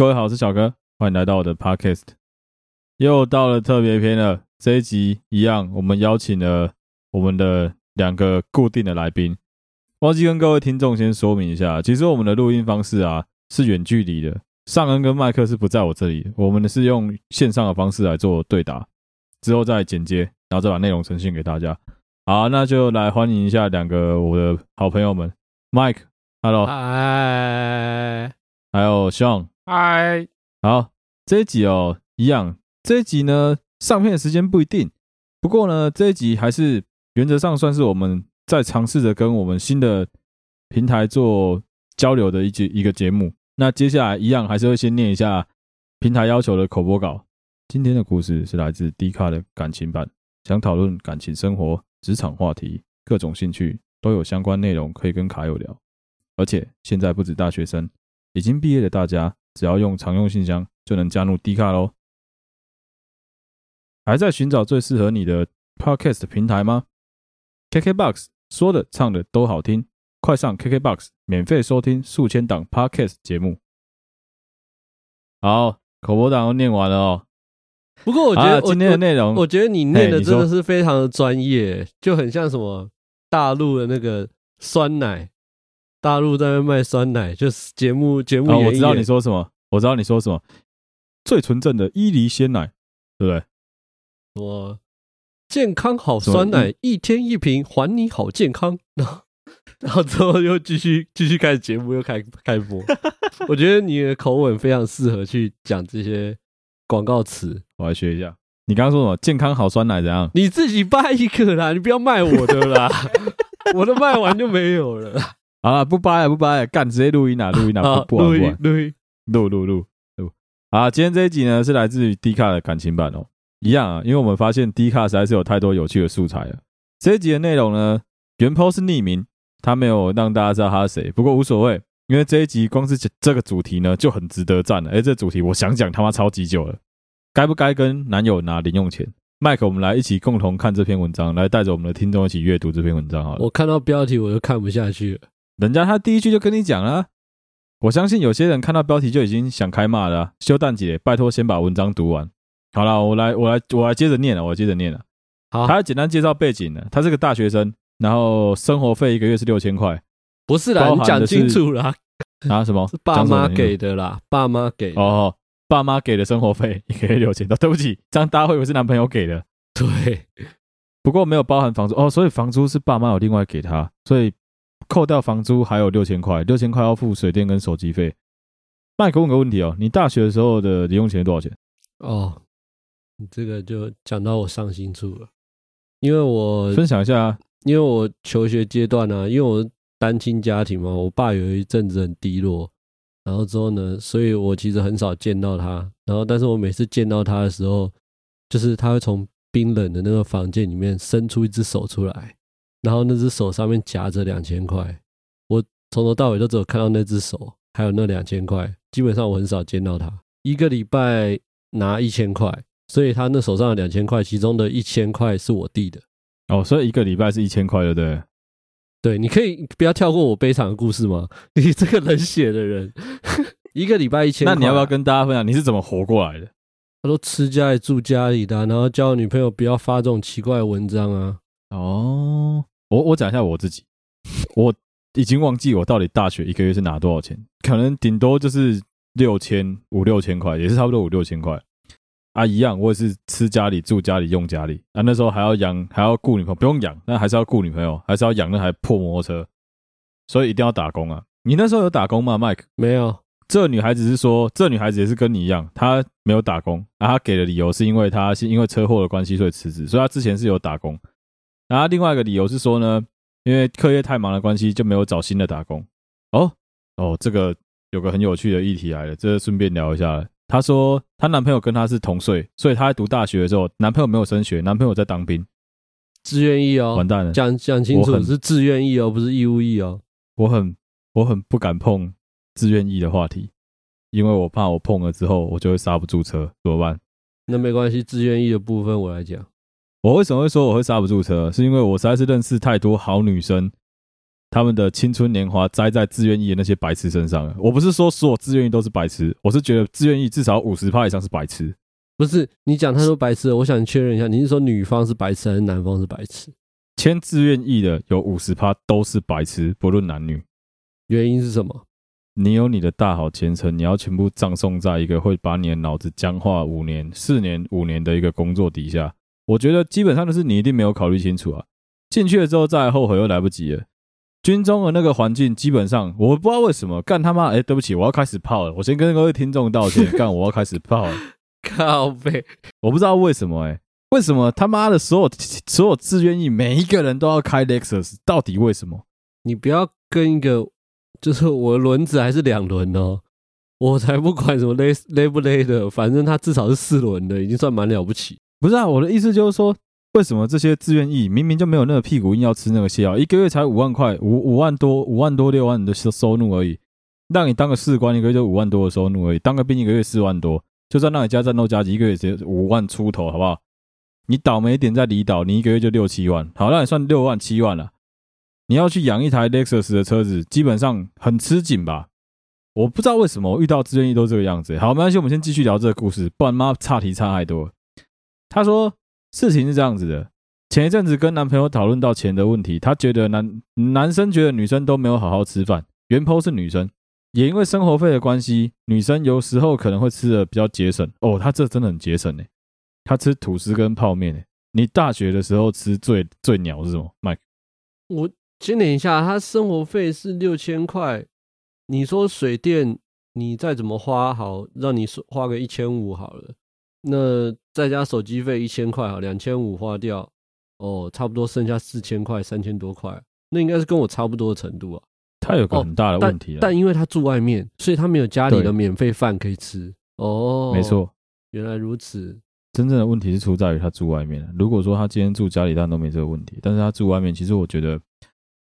各位好，我是小哥，歡迎來到我的 Podcast。又到了特別篇了，這一集一樣，我們邀請了我們的兩個固定的來賓。忘記跟各位聽眾先說明一下，其實我們的錄音方式啊是遠距離的，尚恩跟麥克是不在我這裡，我們是用線上的方式來做對答，之後再剪接，然後再把內容呈現給大家。好，那就來歡迎一下兩個我的好朋友們，Mike，Hello，哎，Mike, Hello, Hi. 還有尚。嗨，好，這一集哦，一樣，這一集呢，上片的時間不一定，不過呢，這一集還是原則上算是我們在嘗試着跟我們新的平台做交流的一集一個節目。那接下來一樣還是會先念一下平台要求的口播稿。今天的故事是來自 Dcard 的感情版，想討論感情生活、職場話題、各種興趣都有相關內容可以跟卡友聊，而且現在不止大學生，已經畢業的大家。只要用常用信箱就能加入 D 卡嘍！還在尋找最適合你的 Podcast 平台嗎？KKBOX 說的唱的都好聽，快上 KKBOX 免費收聽數千檔 Podcast 節目。好，口播檔都念完了哦、喔啊。不過我覺得我、啊、今天的內容我，我覺得你念的真的是非常的專業、欸，就很像什麼大陸的那個酸奶。大陸在賣酸奶，就是節目節目演演、哦。我知道你說什麼，我知道你說什麼，最純正的伊犁鮮奶，對不對？哇，健康好酸奶、嗯，一天一瓶，還你好健康。然後，然後之後又繼續繼續開始節目，又開開播。 我覺得你的口吻非常適合去講這些廣告詞，我來學一下。你剛剛說什麼？健康好酸奶怎樣？你自己掰一個啦，你不要賣我的啦， 我都賣完就沒有了。好啦，不掰了，不掰了，幹，直接錄音啊，錄音啊，不不玩不玩，錄錄錄錄啊，今天這一集呢是來自於 D 卡的感情版哦，一樣啊，因爲我們發現 D 卡實在是有太多有趣的素材了。這一集的內容呢，原 po 是匿名，他沒有讓大家知道他是誰，不過無所謂，因爲這一集光是這個主題呢就很值得讚了。哎、欸，這個主題我想講他媽超級久了，該不該跟男友拿零用錢？麥克，我們來一起共同看這篇文章，來帶着我們的聽衆一起閱讀這篇文章好了。我看到標題我就看不下去了。人家他第一句就跟你講了，我相信有些人看到標題就已經想開罵了啊。修蛋姐，拜托先把文章讀完。好了，我來，我來，我來接着念了，我來接着念了。好啊，他要簡單介紹背景呢。他是個大學生，然後生活費一個月是六千塊。不是啦，的是你講清楚啦，啊什麼？是爸媽給，給的啦，爸媽給的。哦，爸媽給的生活費一個月六千多。對不起，這樣大家會以為是男朋友給的？對，不過沒有包含房租哦，所以房租是爸媽有另外給他，所以。扣掉房租還有六千塊，六千塊要付水電跟手機費。麥克問個問題哦，你大學的時候的零用錢多少錢？哦，你這個就講到我傷心處了，因為我分享一下啊，因為我求學階段呢、啊，因為我單親家庭嘛，我爸有一陣子很低落，然後之後呢，所以我其實很少見到他，然後但是我每次見到他的時候，就是他會從冰冷的那個房間裡面伸出一隻手出來。然後那隻手上面夾着兩千塊，我從頭到尾都只有看到那隻手，還有那兩千塊。基本上我很少見到他，一個禮拜拿一千塊，所以他那手上的兩千塊，其中的一千塊是我弟的。哦，所以一個禮拜是一千塊，對不對？對，你可以不要跳過我悲慘的故事嗎？你這個冷血的人， 一個禮拜一千塊啊。那你要不要跟大家分享你是怎麼活過來的？他都吃家裡住家裡的啊，然後叫我女朋友不要發這種奇怪的文章啊。哦。我我講一下我自己，我已經忘記我到底大學一個月是拿多少錢，可能頂多就是六千五六千塊，也是差不多五六千塊啊一樣。我也是吃家裡住家裡用家裡啊，那時候還要養，還要顧女朋友，不用養，那還是要顧女朋友，還是要養，那台破摩托車，所以一定要打工啊。你那時候有打工嗎，Mike？沒有。這個、女孩子是說，這個、女孩子也是跟你一樣，她沒有打工。那、啊、她給的理由是因為她是因為車禍的關係所以辭職，所以她之前是有打工。然、啊、後另外一個理由是說呢，因為課業太忙的關係，就沒有找新的打工。哦哦，這個有個很有趣的議題來了，這順便聊一下。她說她男朋友跟她是同歲，所以她在讀大學的時候，男朋友沒有升學，男朋友在當兵，自願意哦，完蛋了，講講清楚是志願役哦，不是義務役哦。我很我很不敢碰志願役的話題，因為我怕我碰了之後，我就會剎不住車，怎麼辦？那沒關係，志願役的部分我來講。我為什麼會說我會剎不住車，是因為我實在是認識太多好女生，她們的青春年華栽在志願役的那些白痴身上了。我不是說所有志願役都是白痴，我是覺得志願役至少五十趴以上是白痴。不是，你講太多白痴了，我想確認一下，你是說女方是白痴還是男方是白痴？簽志願役的有五十趴都是白痴，不論男女。原因是什麼？你有你的大好前程，你要全部葬送在一個會把你的腦子僵化五年、四年、五年的一個工作底下。我覺得基本上的是你一定沒有考慮清楚啊！進去了之後再後悔又來不及了。軍中的那個環境，基本上我不知道為什麼幹他媽哎，對不起，我要開始炮了。我先跟各位聽眾道歉，幹，我要開始炮了。靠背，我不知道為什麼哎、欸，為什麼他媽的所有所有志願役，每一個人都要開 Lexus？到底為什麼？你不要跟一個就是我輪子還是兩輪哦？我才不管什麼勒勒不勒的，反正他至少是四輪的，已經算蠻了不起。不是啊，我的意思就是說，為什麼這些志願役明明就沒有那個屁股硬要吃那個瀉藥，一個月才五萬塊，五五萬多，五萬多六萬的收入而已。讓你當個士官，一個月就五萬多的收入而已；當個兵，一個月四萬多，就算讓你加戰鬥加給，一個月只有五萬出頭，好不好？你倒霉一點在離島，你一個月就六七萬，好，那也算六萬七萬了。你要去養一台 Lexus 的車子，基本上很吃緊吧？我不知道為什麼我遇到志願役都這個樣子、欸。好，沒關係，我們先繼續聊這個故事，不然媽差題差太多。他說：“事情是這樣子的，前一陣子跟男朋友討論到錢的問題，他覺得男男生覺得女生都沒有好好吃飯。原 PO 是女生，也因為生活費的關係，女生有時候可能會吃得比較節省哦。他這真的很節省呢。他吃吐司跟泡麵。你大學的時候吃最最鳥是什麼？Mike？我先點一下，他生活費是六千塊，你說水電你再怎麼花好，讓你花個一千五好了，那。”再加手機費一千塊啊，兩千五花掉，哦，差不多剩下四千塊，三千多塊，那應該是跟我差不多的程度啊。他有個很大的問題啊。哦但，但因為他住外面，所以他沒有家裡的免費飯可以吃。哦，沒錯，原來如此。真正的問題是出在於他住外面。如果說他今天住家裡，但都沒這個問題。但是他住外面，其實我覺得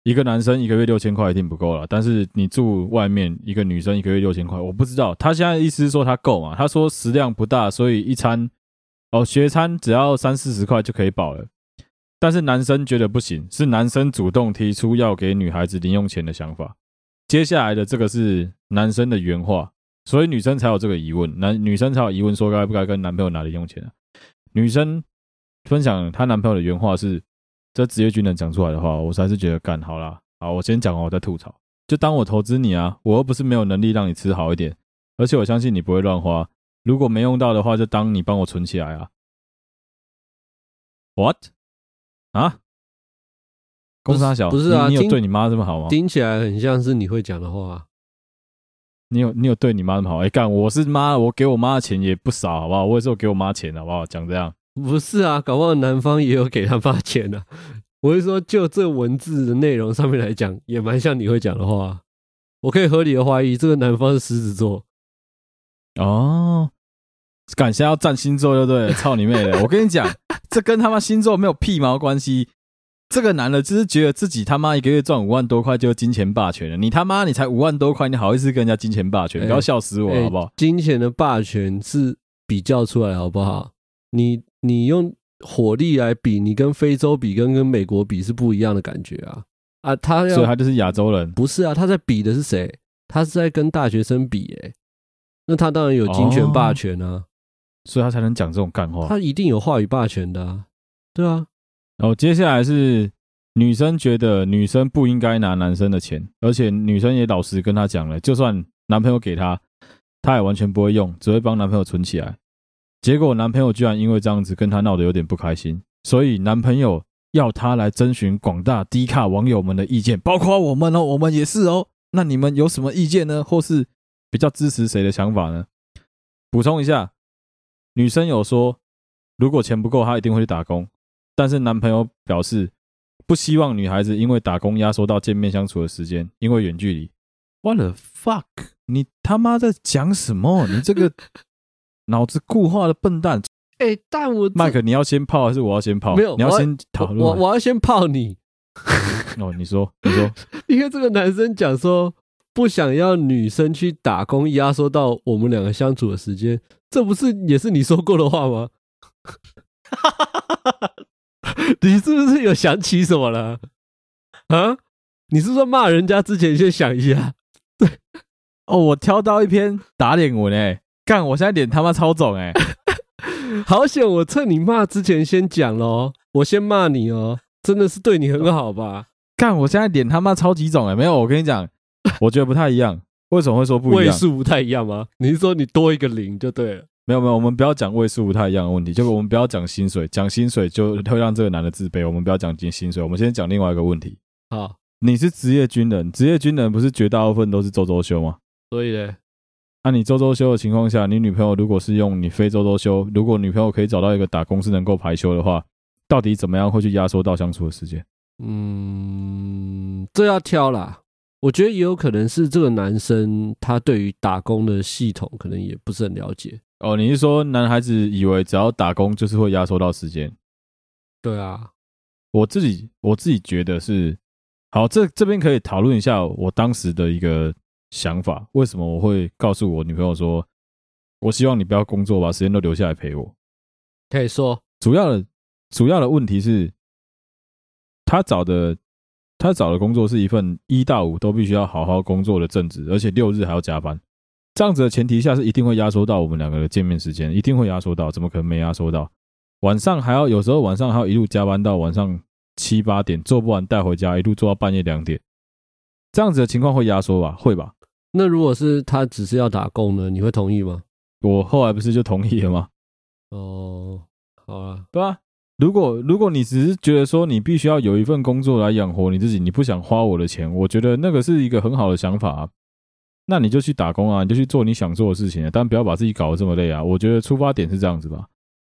一個男生一個月六千塊一定不夠了。但是你住外面，一個女生一個月六千塊，我不知道。他現在意思是說他夠嘛？他說食量不大，所以一餐。哦，學餐只要三四十塊就可以飽了，但是男生覺得不行，是男生主動提出要給女孩子零用錢的想法。接下來的這個是男生的原話，所以女生才有這個疑問，男女生才有疑問，說該不該跟男朋友拿零用錢啊？女生分享她男朋友的原話是：這職業軍人講出來的話，我才是覺得幹好啦。好，我先講完，我再吐槽。就當我投資你啊，我又不是沒有能力讓你吃好一點，而且我相信你不會亂花。如果沒用到的話，就當你幫我存起來啊。What？啊？公是小，不是啊？你，你有對你媽這麼好嗎？聽起來很像是你會講的話。你有你有對你媽這麼好？哎，幹、欸，我是媽，我給我媽的錢也不少，好不好？我也是有給我媽錢，好不好？講這樣，不是啊？搞不好男方也有給他爸錢的、啊。我是說，就這文字的內容上面來講，也蠻像你會講的話。我可以合理的懷疑，這個男方是獅子座。哦。敢先要占星座就對了，操你妹的！ 我跟你講，這跟他媽星座沒有屁毛關係。這個男的只是覺得自己他媽一個月賺五萬多塊就金錢霸權了。你他媽你才五萬多塊，你好意思跟人家金錢霸權？欸、你不要笑死我了好不好，欸？金錢的霸權是比較出來好不好？你你用火力來比，你跟非洲比，跟跟美國比是不一樣的感覺啊啊！他所以他就是亞洲人，不是啊？他在比的是誰？他是在跟大學生比耶，欸。那他當然有金錢霸權啊。哦所以他才能講這種幹話，他一定有話語霸權的啊，對啊。好，哦，接下來是女生覺得女生不應該拿男生的錢，而且女生也老實跟他講了，就算男朋友給她，她也完全不會用，只會幫男朋友存起來。結果男朋友居然因為這樣子跟他鬧得有點不開心，所以男朋友要她來徵詢廣大低卡網友們的意見，包括我們哦，我們也是哦。那你們有什麼意見呢？或是比較支持誰的想法呢？補充一下。女生有說，如果錢不夠，她一定會去打工。但是男朋友表示，不希望女孩子因為打工壓縮到見面相處的時間，因為遠距離。What the fuck？你他媽在講什麼？你這個腦子固化的笨蛋！哎、 欸，但我麥克，Mike，你要先泡還是我要先泡？沒有，你要先討論。我我，我要先泡你。哦、 oh,，你說，你說， 因為這個男生講說。不想要女生去打工，壓縮到我們兩個相處的時間，這不是也是你說過的話嗎？ 你是不是有想起什麼了？啊？你是不是罵人家之前先想一下？對， 哦，我挑到一篇打臉文哎、欸，幹！我現在臉他媽超腫哎、欸， 好險！我趁你罵之前先講嘍，我先罵你哦，真的是對你很好吧？哦、幹！我現在臉他媽超級腫哎、欸，沒有，我跟你講。 我覺得不太一樣，為什麼會說不一樣？位數不太一樣嗎？你是說你多一個零就對了？沒有沒有，我們不要講位數不太一樣的問題，就我們不要講薪水，講薪水就會讓這個男的自卑。我們不要講金薪水，我們先講另外一個問題。好，你是職業軍人，職業軍人不是絕大部分都是周周休嗎？所以呢，那、啊、你周周休的情況下，你女朋友如果是用你非周周休，如果女朋友可以找到一個打工是能夠排休的話，到底怎麼樣會去壓縮到相處的時間？嗯，這要挑啦。我覺得也有可能是這個男生他對於打工的系統可能也不是很了解。哦，你是說男孩子以為只要打工就是會壓縮到時間？對啊，我自己我自己覺得是。好，這這邊可以討論一下我當時的一個想法，為什麼我會告訴我女朋友說，我希望你不要工作，把時間都留下來陪我。可以說，主要的主要的問題是他找的。他找的工作是一份一到五都必須要好好工作的正職，而且六日還要加班。這樣子的前提下是一定會壓縮到我們兩個的見面時間，一定會壓縮到，怎麼可能沒壓縮到？晚上還要，有時候晚上還要一路加班到晚上七八點，做不完帶回家，一路做到半夜兩點。這樣子的情況會壓縮吧？會吧？那如果是他只是要打工呢？你會同意嗎？我後來不是就同意了嗎？哦，好啊，對吧？如果如果你只是覺得說你必須要有一份工作來養活你自己，你不想花我的錢，我覺得那個是一個很好的想法啊，那你就去打工啊，你就去做你想做的事情啊，但不要把自己搞得這麼累啊。我覺得出發點是這樣子吧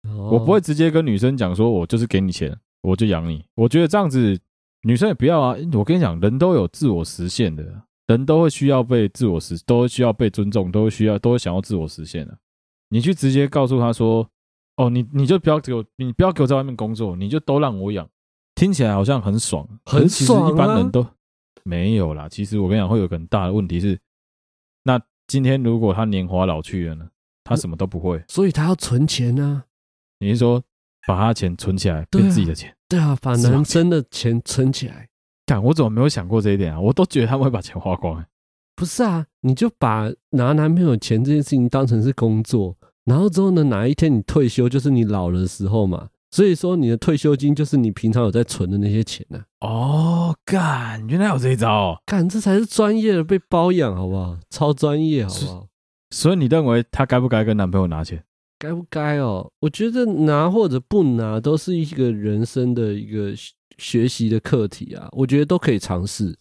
，oh. 我不會直接跟女生講說我就是給你錢，我就養你。我覺得這樣子女生也不要啊。我跟你講，人都有自我實現的，人都會需要被自我實，都需要被尊重，都需要，都會想要自我實現的。你去直接告訴她說。哦，你你就不要給我，你不要給我在外面工作，你就都讓我養。聽起來好像很爽，很爽、啊、其實一般人都沒有啦，其實我跟你講，會有個很大的問題是，那今天如果他年華老去了呢？他什麼都不會，所以他要存錢呢、啊。你是說，把他的錢存起來、啊，變自己的錢？對啊，把男生的錢存起來。幹，我怎麼沒有想過這一點啊？我都覺得他們會把錢花光、欸。不是啊，你就把拿男朋友的錢這件事情當成是工作。然後之後呢？哪一天你退休，就是你老了的時候嘛。所以說，你的退休金就是你平常有在存的那些錢呢、啊。哦，幹，原來有這一招、哦，幹，這才是專業的被包養，好不好？超專業，好不好？所以，所以你認為她該不該跟男朋友拿錢？該不該哦？我覺得拿或者不拿都是一個人生的一個學習的課題啊。我覺得都可以嘗試。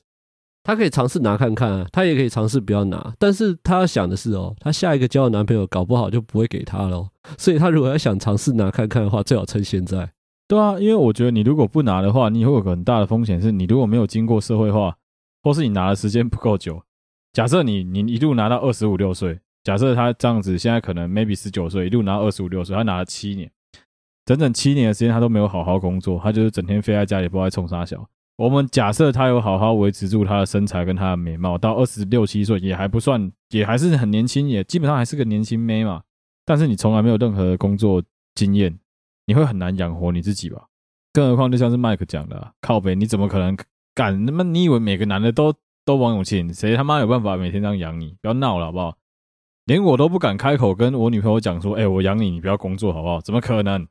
他可以嘗試拿看看啊，他也可以嘗試不要拿，但是他想的是哦，他下一個交的男朋友搞不好就不會給他嘍，所以他如果要想嘗試拿看看的話，最好趁現在。對啊，因為我覺得你如果不拿的話，你會有個很大的風險，是你如果沒有經過社會化，或是你拿的時間不夠久。假設你你一路拿到二十五六歲，假設他這樣子，現在可能 maybe 十九歲，一路拿二十五六歲，他拿了七年，整整七年的時間他都沒有好好工作，他就是整天飛在家裡，不知道衝啥小。我們假設他有好好維持住他的身材跟他的美貌，到二十六七歲也還不算，也還是很年輕，也基本上還是個年輕妹嘛。但是你從來沒有任何工作經驗，你會很難養活你自己吧？更何況就像是麥克講的，啊，靠北，你怎麼可能敢？那你以為每個男的都都王永慶？誰他媽有辦法每天這樣養你？不要鬧了好不好？連我都不敢開口跟我女朋友講說，哎，欸，我養你，你不要工作好不好？怎麼可能？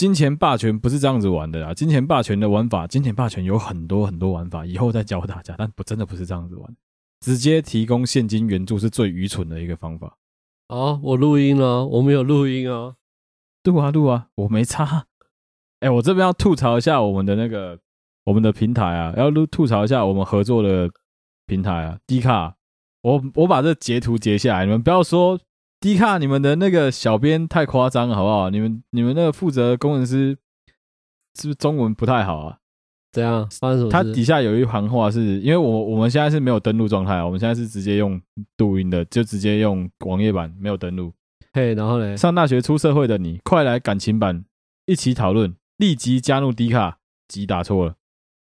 金錢霸權不是這樣子玩的啊！金錢霸權的玩法，金錢霸權有很多很多玩法，以後再教大家。但不，真的不是這樣子玩，直接提供現金援助是最愚蠢的一個方法。啊，我錄音了，我沒有錄音了度啊，錄啊錄啊，我沒差。哎、欸，我這邊要吐槽一下我們的那個我們的平台啊，要吐吐槽一下我們合作的平台啊，D 卡。我我把這截圖截下來，你們不要說。Dcard，你們的那個小編太誇張了，好不好？你們你們那個負責的工程師是不是中文不太好啊？怎樣？他底下有一行話是，是因為我我們現在是沒有登錄狀態，我們現在是直接用杜音的，就直接用網頁版，沒有登錄。嘿、hey,，然後嘞，上大學出社會的你，快來感情版一起討論，立即加入 Dcard。即打錯了。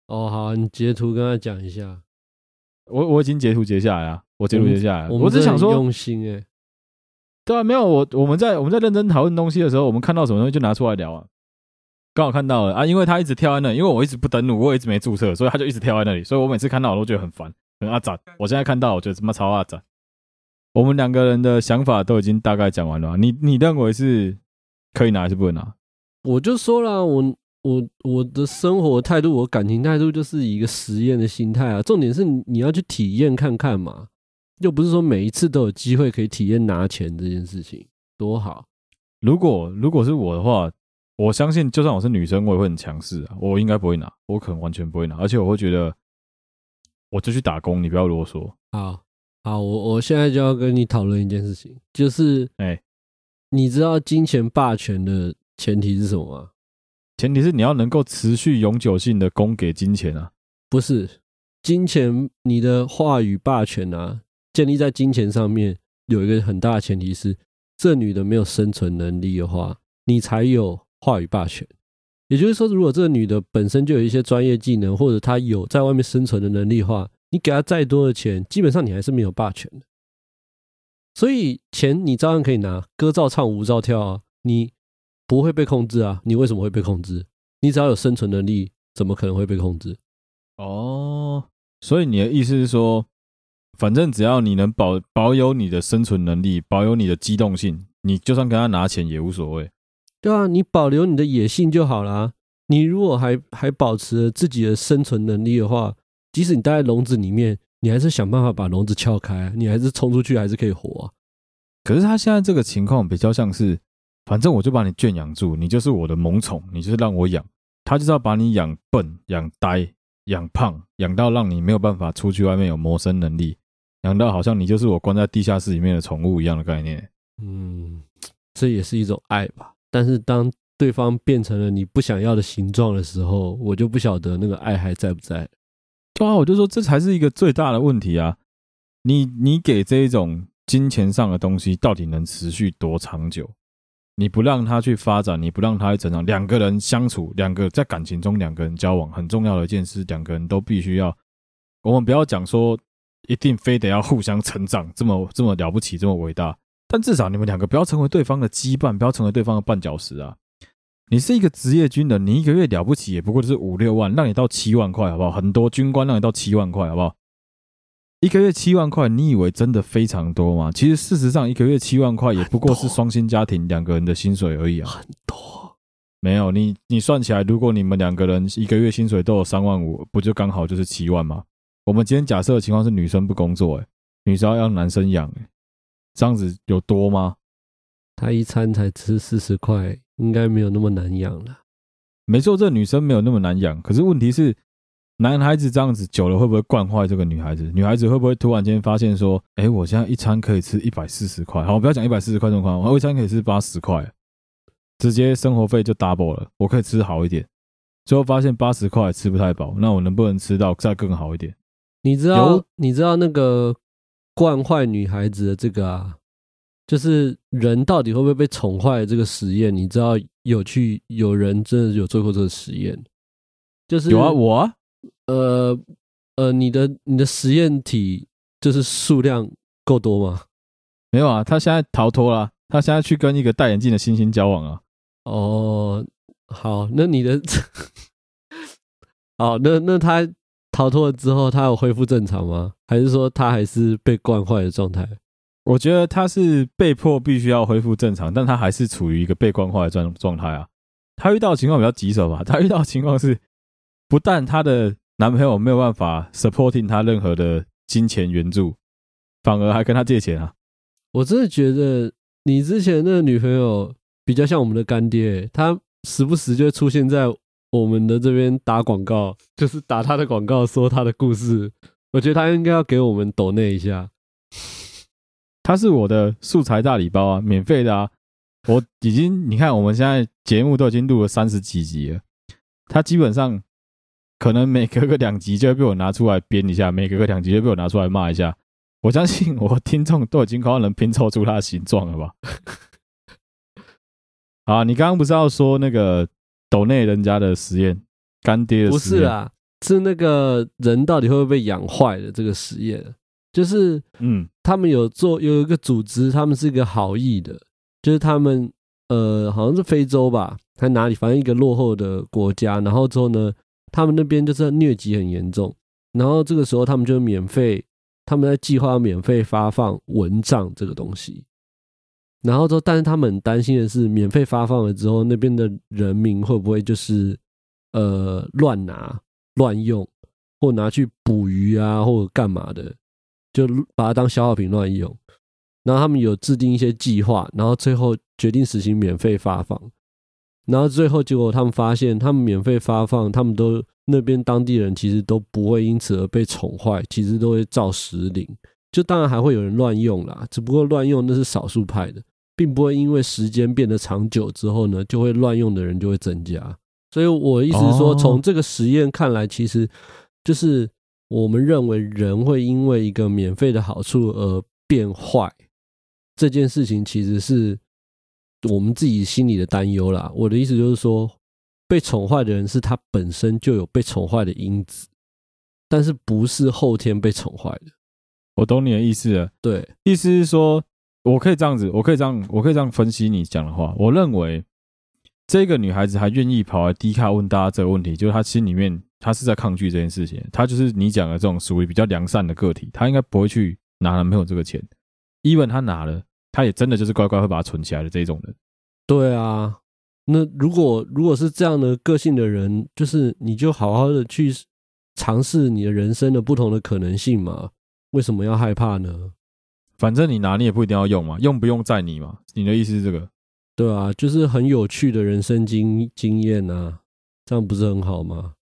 哦，好、啊，你截圖跟他講一下。我我已經截圖截下來了，我截圖截下來了，我只想說用心哎、欸。對啊，沒有我，我們在我們在認真討論東西的時候，我們看到什麼東西就拿出來聊啊。剛好看到了啊，因為他一直跳在那裡，因為我一直不登錄，我也一直沒注冊，所以他就一直跳在那裡。所以我每次看到我都覺得很煩，很阿雜。我現在看到我覺得怎麼超阿雜。我們兩個人的想法都已經大概講完了，你你認為是可以拿還是不能拿？我就說啦，我我我的生活態度，我感情態度就是一個實驗的心態啊。重點是你要去體驗看看嘛。又不是說每一次都有機會可以體驗，拿錢這件事情多好。如果如果是我的話，我相信就算我是女生，我也會很強勢啊。我應該不會拿，我可能完全不會拿，而且我會覺得，我就去打工，你不要囉嗦。好，好，我我現在就要跟你討論一件事情，就是哎，你知道金錢霸權的前提是什麼嗎？前提是你要能夠持續永久性的供給金錢啊。不是，金錢，你的話語霸權啊。建立在金錢上面有一個很大的前提是，這女的沒有生存能力的話，你才有話語霸權。也就是說，如果這個女的本身就有一些專業技能，或者她有在外面生存的能力的話，你給她再多的錢，基本上你還是沒有霸權的。所以錢你照樣可以拿，歌照唱，舞照跳啊，你不會被控制啊。你為什麼會被控制？你只要有生存能力，怎麼可能會被控制？哦，所以你的意思是說？反正只要你能保保有你的生存能力，保有你的機動性，你就算跟他拿錢也無所謂。對啊，你保留你的野性就好啦。你如果還還保持著自己的生存能力的話，即使你待在籠子裡面，你還是想辦法把籠子撬開，你還是衝出去，還是可以活啊。可是他現在這個情況比較像是，反正我就把你圈養住，你就是我的萌寵，你就是讓我養。他就是要把你養笨、養呆、養胖，養到讓你沒有辦法出去外面有謀生能力。養到好像你就是我關在地下室裡面的寵物一樣的概念，嗯，這也是一種愛吧。但是當對方變成了你不想要的形狀的時候，我就不曉得那個愛還在不在。對啊，我就說這才是一個最大的問題啊！你你給這一種金錢上的東西到底能持續多長久？你不讓它去發展，你不讓它去成長，兩個人相處，兩個在感情中，兩個人交往，很重要的一件事，兩個人都必須要。我們不要講說。一定非得要互相成長，這麼這麼了不起，這麼偉大。但至少你們兩個不要成為對方的羈絆，不要成為對方的絆腳石啊！你是一個職業軍人，你一個月了不起也不過就是五六萬，讓你到七萬塊好不好？很多軍官讓你到七萬塊好不好？一個月七萬塊，你以為真的非常多嗎？其實事實上，一個月七萬塊也不過是雙薪家庭兩個人的薪水而已啊！很多，沒有，你，你算起來，如果你們兩個人一個月薪水都有三萬五，不就剛好就是七萬嗎？我們今天假設的情況是女生不工作，欸，哎，女生要讓男生養，哎，這樣子有多嗎？她一餐才吃四十塊，應該沒有那麼難養了。沒錯，這個，女生沒有那麼難養。可是問題是，男孩子這樣子久了會不會慣壞這個女孩子？女孩子會不會突然間發現說，哎，欸，我現在一餐可以吃一百四十塊，好，我不要講一百四十塊這麼誇張，我一餐可以吃八十塊，直接生活費就 double 了，我可以吃好一點。最後發現八十塊吃不太飽，那我能不能吃到再更好一點？你知道，你知道那個慣壞女孩子的這個啊，就是人到底會不會被寵壞這個實驗？你知道有去有人真的有做過這個實驗？就是有啊，我啊呃呃，你的你的實驗體就是數量夠多嗎？沒有啊，他現在逃脫了，他現在去跟一個戴眼鏡的猩猩交往啊。哦，好，那你的， 哦，那那他。逃脫了之後，他有恢復正常嗎？還是說他還是被慣壞的狀態？我覺得他是被迫必須要恢復正常，但他還是處於一個被慣壞的狀狀態啊。他遇到的情況比較棘手吧？他遇到的情況是，不但他的男朋友沒有辦法 supporting 他任何的金錢援助，反而還跟他借錢啊。我真的覺得你之前的那個女朋友比較像我們的乾爹誒，他時不時就會出現在，我們的這邊打廣告，就是打他的廣告，說他的故事。我覺得他應該要給我們抖內一下，他是我的素材大禮包啊，免費的啊。我已經，你看，我們現在節目都已經錄了三十幾集了。他基本上可能每隔個兩集就會被我拿出來編一下，每隔個兩集就被我拿出來罵一下。我相信我聽眾都已經可能能拼湊出他的形狀了吧。 好、啊，你剛剛不是要說那個？鬥內人家的實驗，乾爹的實驗。不是啊，是那個人到底會不會被養壞的這個實驗，就是嗯，他們有做、嗯、有一個組織，他們是一個好意的，就是他們呃好像是非洲吧，還哪裡反正一個落後的國家，然後之後呢，他們那邊就是瘧疾很嚴重，然後這個時候他們就免費，他們在計劃免費發放蚊帳這個東西。然後說，但是他們很擔心的是，免費發放了之後，那邊的人民會不會就是，呃，亂拿、亂用，或拿去捕魚啊，或者幹嘛的，就把它當消耗品亂用。然後他們有制定一些計劃，然後最後決定實行免費發放。然後最後結果，他們發現，他們免費發放，他們都那邊當地人其實都不會因此而被寵壞，其實都會照實領。就當然還會有人亂用啦，只不過亂用那是少數派的。並不會因為時間變得長久之後呢，就會亂用的人就會增加。所以，我的意思是說，從這個實驗看來，其實就是我們認為人會因為一個免費的好處而變壞這件事情，其實是我們自己心裡的擔憂啦。我的意思就是說，被寵壞的人是他本身就有被寵壞的因子，但是不是後天被寵壞的。我懂你的意思了。對，意思是說。我可以這樣子，我可以這樣，我可以這樣分析你講的話。我認為這個女孩子還願意跑來 Dcard 問大家這個問題，就是她心裡面她是在抗拒這件事情。她就是你講的這種屬於比較良善的個體，她應該不會去拿男朋友這個錢，even 她拿了，她也真的就是乖乖會把它存起來的這一種人。對啊，那如果如果是這樣的個性的人，就是你就好好的去嘗試你的人生的不同的可能性嘛，為什麼要害怕呢？反正你拿你也不一定要用嘛，用不用在你嘛。你的意思是這個？對啊，就是很有趣的人生經經驗啊，這樣不是很好嗎？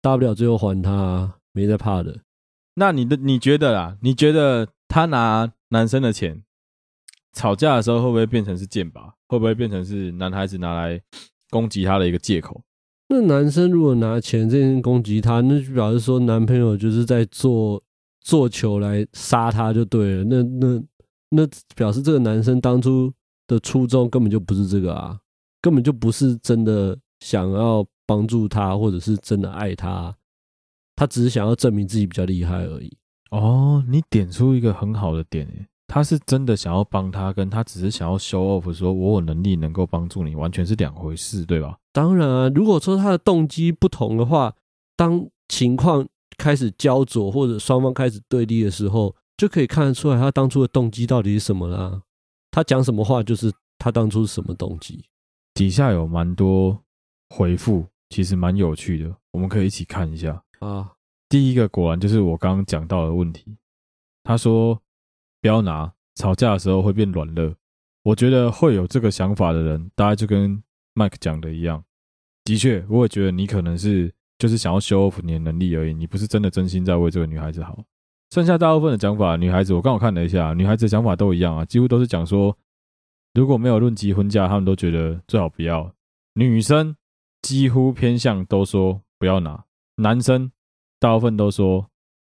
大不了最後還他，沒在怕的。那你的你覺得啦？你覺得他拿男生的錢吵架的時候，會不會變成是箭靶？會不會變成是男孩子拿來攻擊他的一個借口？那男生如果拿錢這件事攻擊他，那就表示說男朋友就是在做。做球來殺他就對了，那那那表示這個男生當初的初衷根本就不是這個啊，根本就不是真的想要幫助他，或者是真的愛他，他只是想要證明自己比較厲害而已。哦，你點出一個很好的點耶，他是真的想要幫他，跟他只是想要 show off，說我有能力能夠幫助你，完全是兩回事，對吧？當然啊，如果說他的動機不同的話，當情況，開始焦灼或者雙方開始對立的時候，就可以看得出來他當初的動機到底是什麼啦、啊。他講什麼話，就是他當初是什麼動機。底下有蠻多回覆，其實蠻有趣的，我們可以一起看一下啊。第一個果然就是我剛剛講到的問題，他說不要拿，吵架的時候會變軟肋。我覺得會有這個想法的人，大概就跟麥克講的一樣，的確，我也覺得你可能是。就是想要修復你的能力而已，你不是真的真心在為這個女孩子好。剩下大部分的講法，女孩子我剛好看了一下，女孩子想法都一樣啊，幾乎都是講說，如果沒有論及婚嫁，他們都覺得最好不要。女生幾乎偏向都說不要拿，男生大部分都說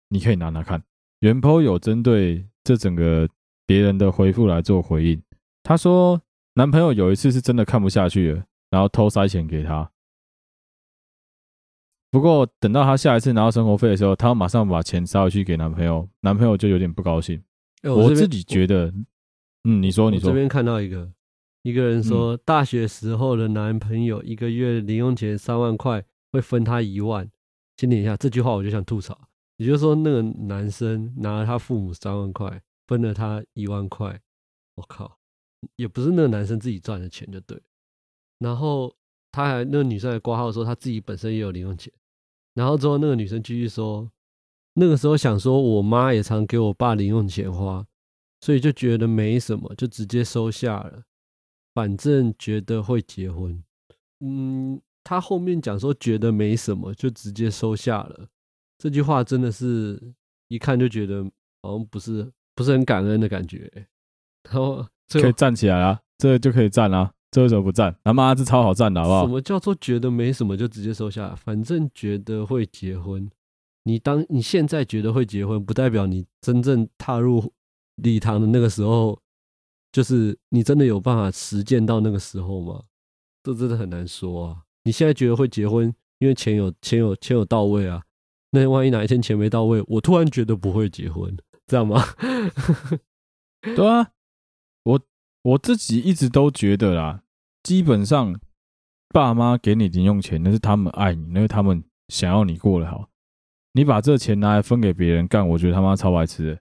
你可以拿拿看。原 po 有針對這整個別人的回復來做回應，他說男朋友有一次是真的看不下去了，然後偷塞錢給他。不過等到她下一次拿到生活費的時候，她要馬上把錢塞回去給男朋友，男朋友就有點不高興。欸、我，我自己覺得，嗯，你說你說我這邊看到一個一個人說、嗯，大學時候的男朋友一個月零用錢三萬塊，會分他一萬。先等一下，這句話我就想吐槽，也就是說那個男生拿了他父母三萬塊，分了他一萬塊，我、哦、靠，也不是那個男生自己賺的錢就對。然後他還那個女生還掛號說，他自己本身也有零用錢。然後之後，那個女生繼續說：“那個時候想說，我媽也常給我爸零用錢花，所以就覺得沒什麼，就直接收下了。反正覺得會結婚，嗯，她後面講說覺得沒什麼，就直接收下了。這句話真的是一看就覺得好像不是不是很感恩的感覺。然後、這個、可以站起來啊，這個、就可以站了。”這為什麼不贊他，啊，媽這超好贊的，好不好？什麼叫做覺得沒什麼就直接收下來？反正覺得會結婚，你當你現在覺得會結婚，不代表你真正踏入禮堂的那個時候，就是你真的有辦法實踐到那個時候嗎？這真的很難說啊！你現在覺得會結婚，因為錢有錢有錢有到位啊。那萬一哪一天錢沒到位，我突然覺得不會結婚，知道嗎？ 對啊，我我自己一直都覺得啦。基本上，爸媽給你零用錢，那是他們愛你，那是他們想要你過得好。你把這錢拿來分給別人幹，我覺得他媽超白痴的。誒、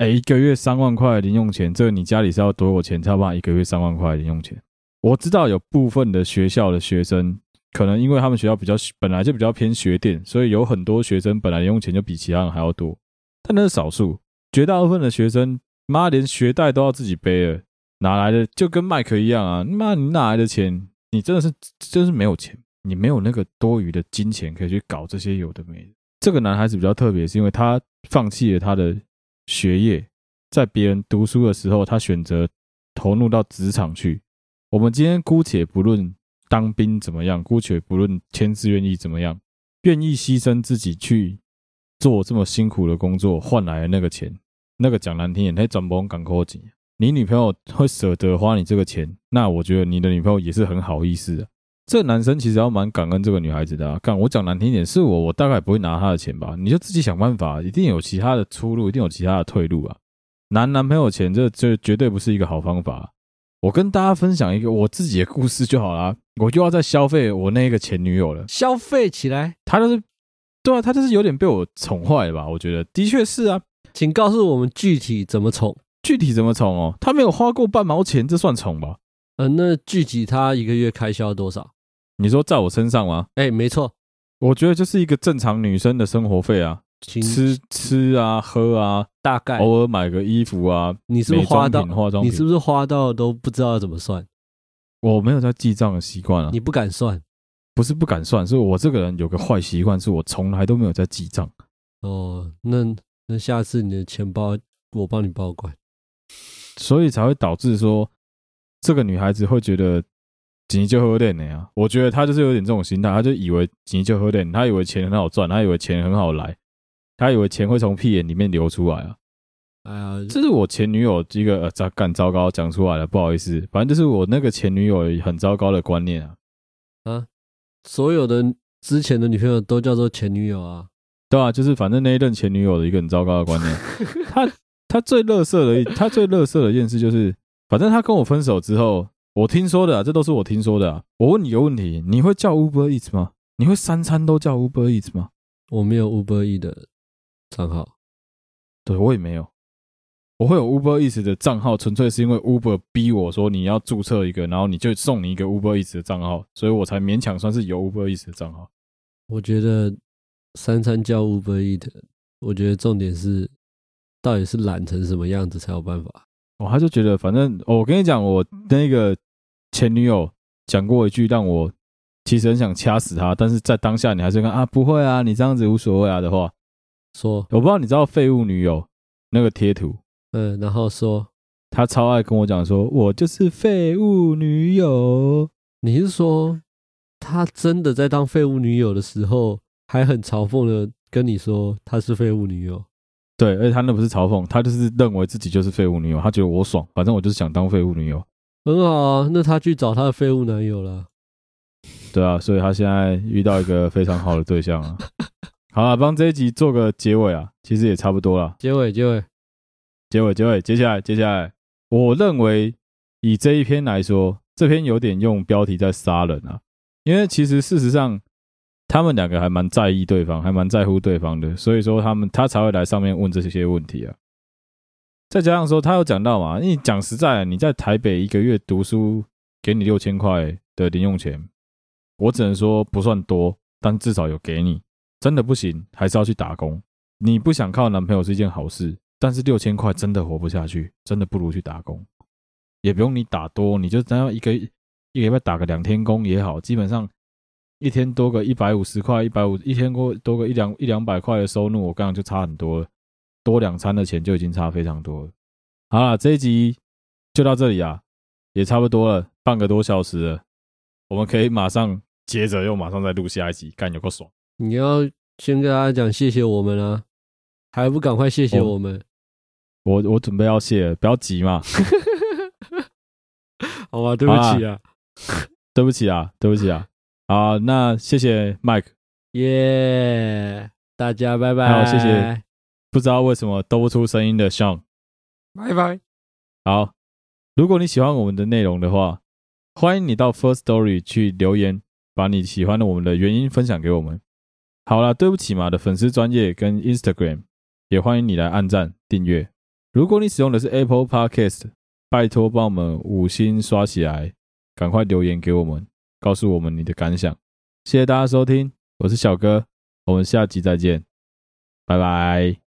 欸，一個月三萬塊零用錢，這個你家裡是要多有錢？差不多一個月三萬塊零用錢。我知道有部分的學校的學生，可能因為他們學校比較本來就比較偏學店，所以有很多學生本來零用錢就比其他人還要多，但那是少數。絕大部分的學生，媽連學貸都要自己背了。哪來的就跟麥克一樣啊！那你哪來的錢？你真的是，真是沒有錢，你沒有那個多餘的金錢可以去搞這些有的沒的。這個男孩子比較特別，是因為他放棄了他的學業，在別人讀書的時候，他選擇投入到職場去。我們今天姑且不論當兵怎麼樣，姑且不論簽志願役怎麼樣，願意犧牲自己去做這麼辛苦的工作，換來了那個錢，那個講難聽點，他賺不賺港幣？你女朋友會捨得花你這個錢，那我覺得你的女朋友也是很好意思的啊。這男生其實要蠻感恩這個女孩子的啊，幹，我講難聽一點，是我我大概不會拿她的錢吧，你就自己想辦法，一定有其他的出路，一定有其他的退路啊。男男朋友錢，這這絕對不是一個好方法啊。我跟大家分享一個我自己的故事就好啦。我就要再消費我那個前女友了，消費起來。她就是，對啊，她就是有點被我寵壞了吧？我覺得的確是啊，請告訴我們具體怎麼寵。具體怎麼寵哦？他沒有花過半毛錢，這算寵吧？嗯、呃，那具體他一個月開銷多少？你說在我身上嗎？哎、欸，沒錯。我覺得就是一個正常女生的生活費啊，吃吃啊，喝啊，大概偶爾買個衣服啊，美妝品、化妝品，你是不是花到你是不是花到都不知道怎麼算？我沒有在記賬的習慣啊。你不敢算？不是不敢算，是我這個人有個壞習慣，是我從來都沒有在記賬。哦，那那下次你的錢包我幫你保管。所以才會導致說，這個女孩子會覺得緊急就喝點的呀。我覺得她就是有點這種心態，她就以為緊急就喝點，她以為錢很好賺，她以為錢很好來，她以為錢會從屁眼裡面流出來啊！哎呀，這是我前女友一個咋幹、呃、糟糕講出來了，不好意思，反正就是我那個前女友很糟糕的觀念啊啊，所有的之前的女朋友都叫做前女友啊，對啊，就是反正那一任前女友的一個很糟糕的觀念， 他最樂色的一，他最樂色的一件事就是，反正他跟我分手之後，我聽說的、啊，這都是我聽說的、啊。我問你一個問題：你會叫 Uber Eats 嗎？你會三餐都叫 Uber Eats 嗎？我沒有 Uber E a 的賬號，對我也沒有。我會有 Uber Eats 的賬號，純粹是因為 Uber 逼我說你要註冊一個，然後你就送你一個 Uber Eats 的賬號，所以我才勉強算是有 Uber Eats 的賬號。我覺得三餐叫 Uber E a t 我覺得重點是。到底是懶成什麼樣子才有辦法？我、哦、他就覺得，反正、哦、我跟你講，我那個前女友講過一句，讓我其實很想掐死他，但是在當下你還是跟，啊，不會啊，你這樣子無所謂啊的話，說我不知道，你知道廢物女友那個貼圖，嗯，然後說他超愛跟我講，說我就是廢物女友。你是說他真的在當廢物女友的時候，還很嘲諷的跟你說她是廢物女友？對，而且他那不是嘲諷，他就是認為自己就是廢物女友，他覺得我爽，反正我就是想當廢物女友，很好啊。那他去找他的廢物男友了，對啊，所以他現在遇到一個非常好的對象啊。好了，幫 這一集做個結尾啊，其實也差不多了。結尾，結尾，結尾，結尾，接下來，接下來，我認為以這一篇來說，這篇有點用標題在殺人啊，因為其實事實上。他們兩個還蠻在意對方，還蠻在乎對方的，所以說他們他才會來上面問這些問題啊。再加上說他有講到嘛，你講實在啊，你在台北一個月讀書給你六千塊的零用錢，我只能說不算多，但至少有給你。真的不行，還是要去打工。你不想靠男朋友是一件好事，但是六千塊真的活不下去，真的不如去打工，也不用你打多，你就只要一個一個禮拜打個兩天工也好，基本上。一天, 150, 一天多個一百五十塊，一百五一天多個一兩一兩百塊的收入，我剛剛就差很多了，多兩餐的錢就已經差非常多了。好了，這一集就到這裡啊，也差不多了，半個多小時了，我們可以馬上接着又馬上再錄下一集，感覺夠爽。你要先跟大家講謝謝我們啊，還不趕快謝謝我們？哦、我我準備要謝了，不要急嘛。 好吧、啊，對不起啊,啊，對不起啊，對不起啊。好，那謝謝 Mike，耶，yeah, 大家拜拜。好，謝謝。不知道為什麼都不出聲音的 Sean 拜拜。好，如果你喜歡我們的內容的話，歡迎你到 First Story 去留言，把你喜歡的我們的原因分享給我們。好啦，對不起嘛的粉絲專業跟 Instagram，也歡迎你來按贊訂閱。如果你使用的是 Apple Podcast，拜托幫我們五星刷起來，趕快留言給我們。告訴我們你的感想，謝謝大家收聽，我是小哥，我們下集再見，拜拜。